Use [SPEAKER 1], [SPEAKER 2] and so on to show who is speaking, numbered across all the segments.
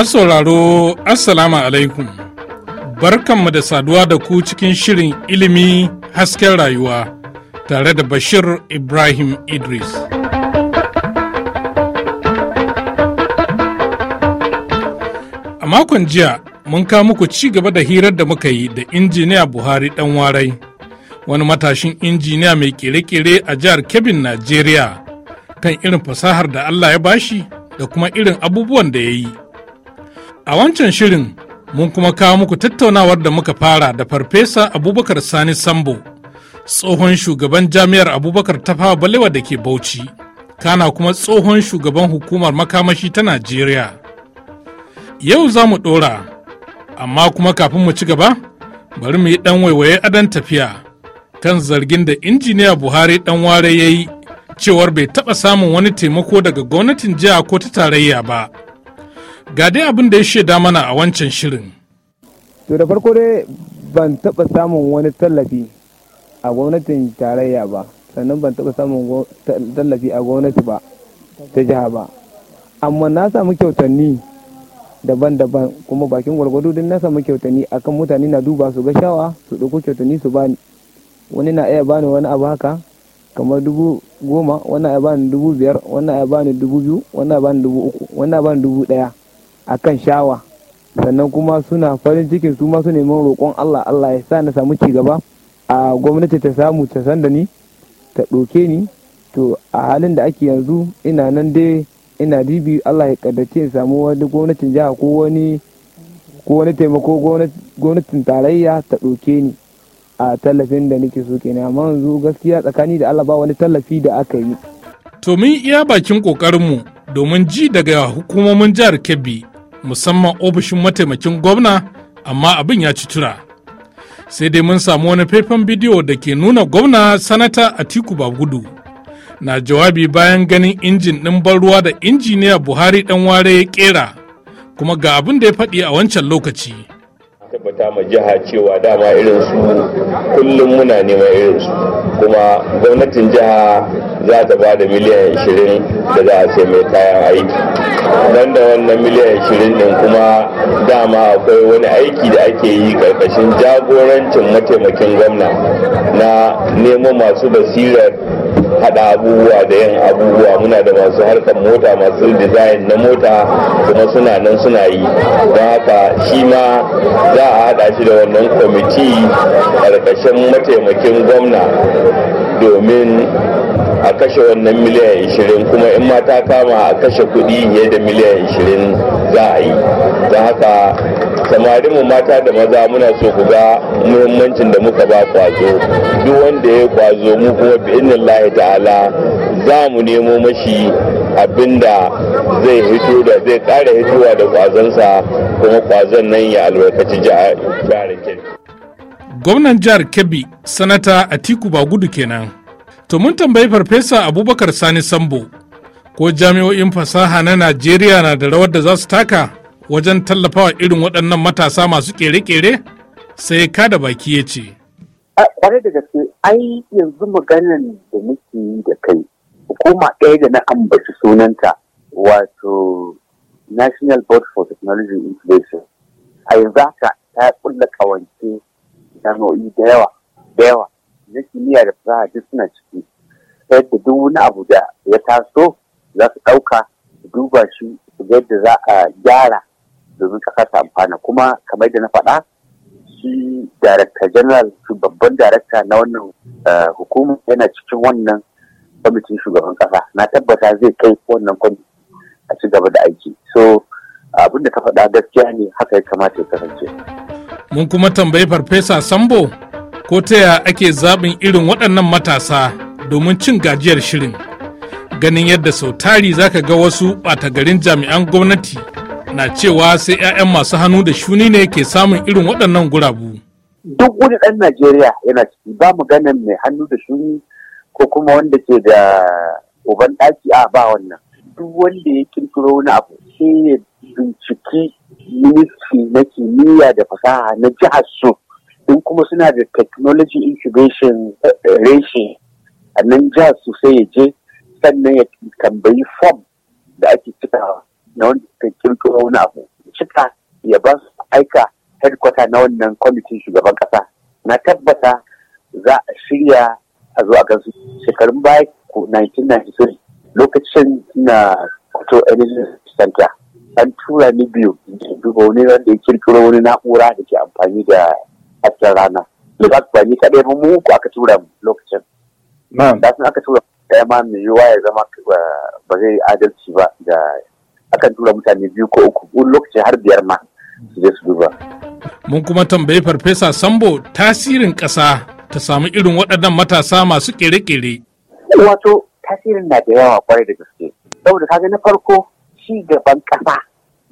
[SPEAKER 1] Masu sauraro Assalamu alaikum barkanmu da saduwa da ku cikin shirin ilimi hasken rayuwa tare da Bashir Ibrahim Idris. A makon jiya mun kawo muku ci gaba da hirar da muka yi da injiniya Buhari ɗan warai wani matashin injiniya mai kere-kere a jihar Kebbi, Najeriya kan irin fasahar da Allah ya bashi da kuma irin abubuwan da ya yi. A wancan shirin mun kuma kawo muku tattaunawar da muka fara da farfesa Abubakar Sani Sambo, tsohon shugaban jami'ar Abubakar fawa Balewa da ke Bauchi, kana kuma tsohon shugaban hukumar makamashi ta Najeriya. Yau za mu ɗora, amma kuma kafin mu ci gaba, bari mu yi ɗan waiwaye adon tafiya kan zargin da injiniya Buhari ɗan ware ya yi cewar bai taɓa samun wani taimako daga gwamnatin jiha ko ta tarayya ba. Ga dai abin da ya shaida mana a wancan shirin.
[SPEAKER 2] To da farko dai ban taɓa samun wani tallafi a gwamnatin tarayya ba, sannan ban taɓa samun tallafi a gwamnati ba ta jiha ba. Amma na samu kyautanni daban-daban kuma bakin gwargwado din na samu kyautanni akan mutane na duba su ga shawa su ɗauko kyautanni su bani. Wani na iya bani wani abu haka kamar dubu goma wannan ya bani dubu biyar wannan ya bani dubu biyu wannan ya bani dubu uku wannan ya bani dubu ɗaya a kan shawa sannan kuma suna farin cikin su masu neman roƙon Allah Allah ya sa na samu ci gaba a gwamnati ta samu ta san ni ta ɗoke ni to a halin da ake yanzu ina nan dai ina dibi Allah ya kaddace in samu wani gwamnatin jiha ko wani ko wani taimako gwamnatin tarayya ta ɗoke ni a tallafin da nake so kenan amma yanzu gaskiya tsakani da Allah ba wani tallafi da
[SPEAKER 1] aka yi. To mun iya bakin kokarin mu domin ji daga hukumomin jihar Kebbi musamman ofishin mataimakin gwamna amma abin ya ci sai dai mun samu wani faifan bidiyo da ke nuna gwamna sanata atiku gudu, na jawabi bayan ganin injin ɗin ban ruwa da injiniya buhari ɗan ware ya ƙera kuma ga abin da ya faɗi a wancan lokaci.
[SPEAKER 3] tabbata ma jiha cewa dama irin su kullum muna nema irin su kuma gwamnatin jiha za ta ba da miliyan 20 da za a ce mai kayan aiki don da wannan miliyan 20 din kuma dama akwai wani aiki da ake yi karkashin jagorancin mataimakin gwamna na neman masu basirar haɗa abubuwa da yin abubuwa muna da masu harkar mota masu design na mota kuma suna nan suna yi don haka shi ma za a haɗa shi da wannan kwamiti ƙarƙashin mataimakin gwamna domin a kashe wannan miliyan 20 kuma in ma ta kama a kashe kudi fiye da miliyan 20 za a yi don haka mu mata da maza muna so ku ga muhimmancin da muka ba kwazo duk wanda ya kwazo mu kuma lahi ta'ala za mu nemo mashi abinda zai hito da zai ƙara hitowa da kwazonsa kuma kwazon nan ya albarkaci jihar kebbi
[SPEAKER 1] gwamnan jihar kebbi sanata atiku bagudu kenan To mun tambayi Farfesa Abubakar Sani Sambo ko jami'o'in fasaha na Najeriya na da rawar da za su taka wajen tallafawa irin waɗannan matasa masu ƙere kere sai ka da baki ya ce.
[SPEAKER 2] Ƙware da gaske, ai yanzu maganan da muke yi da kai, hukuma ɗaya da na ambaci sunanta wato National Board for Technology Innovation. A yanzu haka ta ƙulla ƙawance jami'o'i da yawa, da yawa. na kimiyya da fasaha duk suna ciki ta yadda duk wani abu da ya taso za su ɗauka su duba shi su yadda za a gyara domin ka ta amfana kuma kamar yadda na faɗa shi darakta general shi babban darakta na wannan eh, hukuma yana cikin wannan kwamitin shugaban ƙasa na tabbata zai kai wannan kwamitin a ci gaba da aiki so abin da ka faɗa gaskiya ne haka ya kamata ya kasance.
[SPEAKER 1] Mun kuma tambayi Farfesa Sambo ko ta ya ake zaɓin irin waɗannan matasa domin cin gajiyar shirin ganin yadda sau tari zaka ga wasu ɓata garin jami'an gwamnati na cewa sai 'ya'yan masu hannu da shuni ne ke samun irin waɗannan gurabu. duk
[SPEAKER 2] wani ɗan najeriya yana ciki ba ganin mai hannu da shuni ko kuma wanda ke da uban ɗaki a ba wannan duk wanda ya kirkiro wani abu sai ya binciki ministry na kimiyya da fasaha na jihar su in kuma suna da technology incubation eh, reshe a nan ja su sai ya je sannan ya tambayi form da ake cika na wanda ta kirkiro wani abu cika ya ba su aika headquarter na wannan kwamitin shugaban kasa na tabbata za a shirya a zo a su shekarun baya 1993 lokacin na Kuto energy center an tura ni biyu duba wani wanda ya kirkiro wani na'ura da ke amfani da a cikin rana libas ba ni kaɗai ba mu ku aka tura mu lokacin da sun aka tura kai ma mai yiwuwa ya zama eh, ba zai adalci ba da akan tura mutane biyu ko uku wani lokacin har biyar ma su je su duba.
[SPEAKER 1] mun kuma tambayi farfesa sambo tasirin ƙasa ta samu irin waɗannan matasa masu ƙere-ƙere. wato
[SPEAKER 2] tasirin na da yawa kwarai da gaske saboda kaga na farko ci gaban ƙasa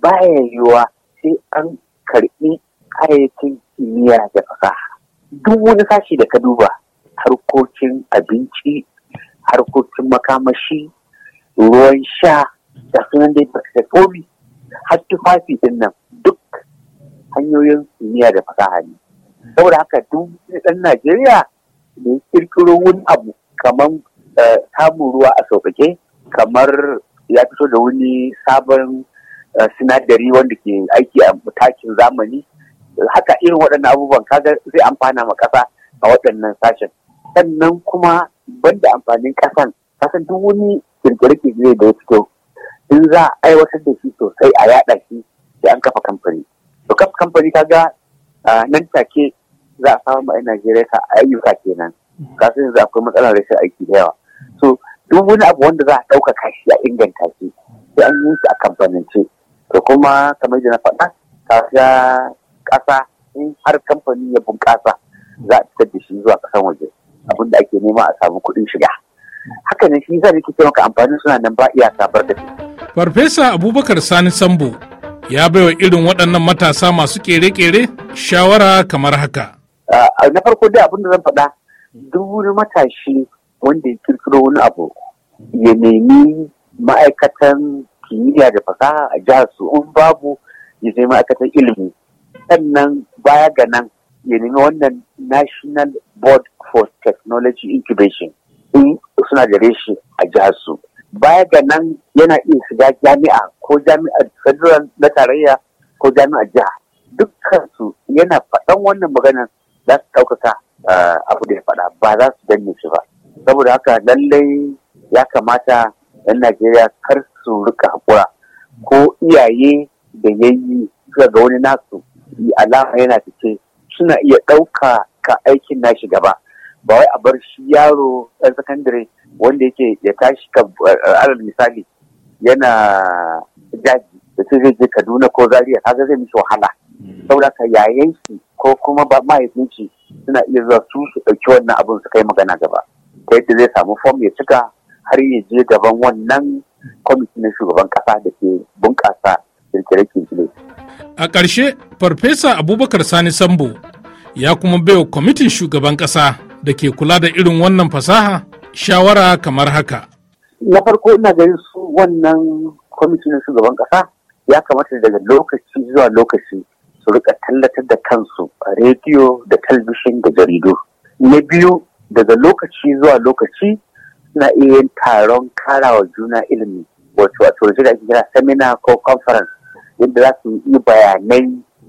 [SPEAKER 2] baya yiwuwa sai an karɓi kayayyakin kimiyya da fasaha duk wani sashi da ka duba harkokin abinci harkokin makamashi ruwan sha da sunan dai da komi har tufafi din nan duk hanyoyin kimiyya da fasaha ne saboda haka duk ɗan najeriya da ya kirkiro wani abu kamar eh, samun ruwa a sauƙaƙe kamar ya fito da wani sabon eh, sinadari wanda ke aiki a takin zamani haka irin waɗannan abubuwan kaga zai amfana ma ƙasa a waɗannan sashen sannan kuma banda amfanin ƙasan kasan duk wani ke zai da ya fito in za a aiwatar da shi sosai a yaɗa shi sai an kafa kamfani to kafa kamfani kaga nan take za a samu a Najeriya ka ayyuka kenan kasan yanzu akwai matsalar rashin aiki da yawa so duk wani abu wanda za a ɗaukaka shi a inganta shi sai an yi shi a kamfanance to kuma kamar da na faɗa kaga Kasa in har kamfani ya bunƙasa za a fitar da shi zuwa ƙasan waje abin da ake nema a samu kuɗin shiga haka ne shi za ne kike maka amfanin suna nan ba iya sabar da shi.
[SPEAKER 1] farfesa abubakar sani sambo ya baiwa irin waɗannan matasa masu ƙere-ƙere shawara kamar haka.
[SPEAKER 2] na farko dai abin da zan faɗa duk wani matashi wanda ya kirkiro wani abu ya nemi ma'aikatan kimiyya da fasaha a jihar su in babu ya nemi ma'aikatan ilimi sannan baya ga nan ya nemi wannan national board for technology incubation in suna da reshe a jihar su baya ga nan yana iya shiga jami'a ko jami'ar federal na tarayya ko jami'ar jiha dukkan su yana faɗan wannan maganar za su ɗaukaka ah, abu da ya faɗa ba za su danne shi ba saboda haka lallai ya kamata 'yan najeriya kar su rika haƙura ko iyaye da yayi suka ga wani nasu yi alama yana fice suna iya ɗauka ka aikin nashi gaba ba wai a bar shi yaro ɗan sakandare wanda yake ya tashi ka eh, alal misali yana jaji da sai zai je kaduna ko zaria kaga zai mishi wahala hmm. saboda ka yayan shi ko kuma ba mahaifin suna iya zuwa su su ɗauki wannan abin su kai magana gaba ta yadda zai samu fom ya cika har ya je gaban wannan kwamitin na shugaban ƙasa da ke bunƙasa
[SPEAKER 1] A ƙarshe, Farfesa Abubakar Sani Sambo ya kuma baiwa kwamitin shugaban ƙasa da ke kula da irin wannan fasaha shawara kamar haka.
[SPEAKER 2] Na farko ina ganin su wannan kwamitin shugaban ƙasa ya kamata daga lokaci zuwa lokaci su rika tallatar da kansu a rediyo da talbishin da jaridu. Na biyu daga lokaci zuwa lokaci suna iya yin taron karawa juna ilimi wato a turjira seminar ko conference yadda za su yi bayanai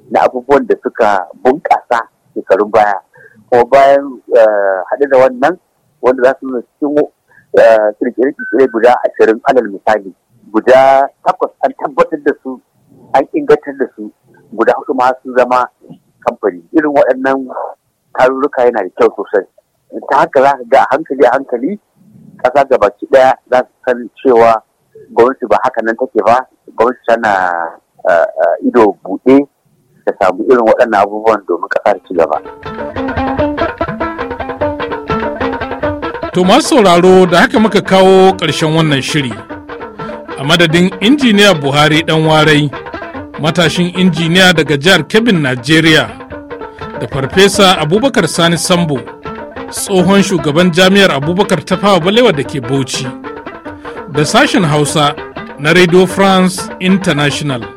[SPEAKER 2] na abubuwan da suka bunƙasa shekarun baya kuma bayan eh, haɗu da wannan wanda za su nuna cikin eh, kirkire-kirkire guda ashirin alal misali guda takwas an tabbatar da su an ingantar da su guda hudu ma sun zama kamfani irin waɗannan tarurruka yana da kyau sosai ta haka za ga hankali a hankali ƙasa gabaki ɗaya za su san cewa gwamnati ba haka nan take ba gwamnati tana ido buɗe ta samu irin waɗannan abubuwan domin ƙasar ci gaba.
[SPEAKER 1] To masu sauraro da haka muka kawo ƙarshen wannan shiri. A madadin injiniya Buhari ɗan warai, matashin injiniya daga jihar Kebbin, Najeriya, da farfesa Abubakar Sani Sambo, tsohon shugaban jami'ar Abubakar fawa Balewa da ke Bauchi, da sashen Hausa na Radio France International.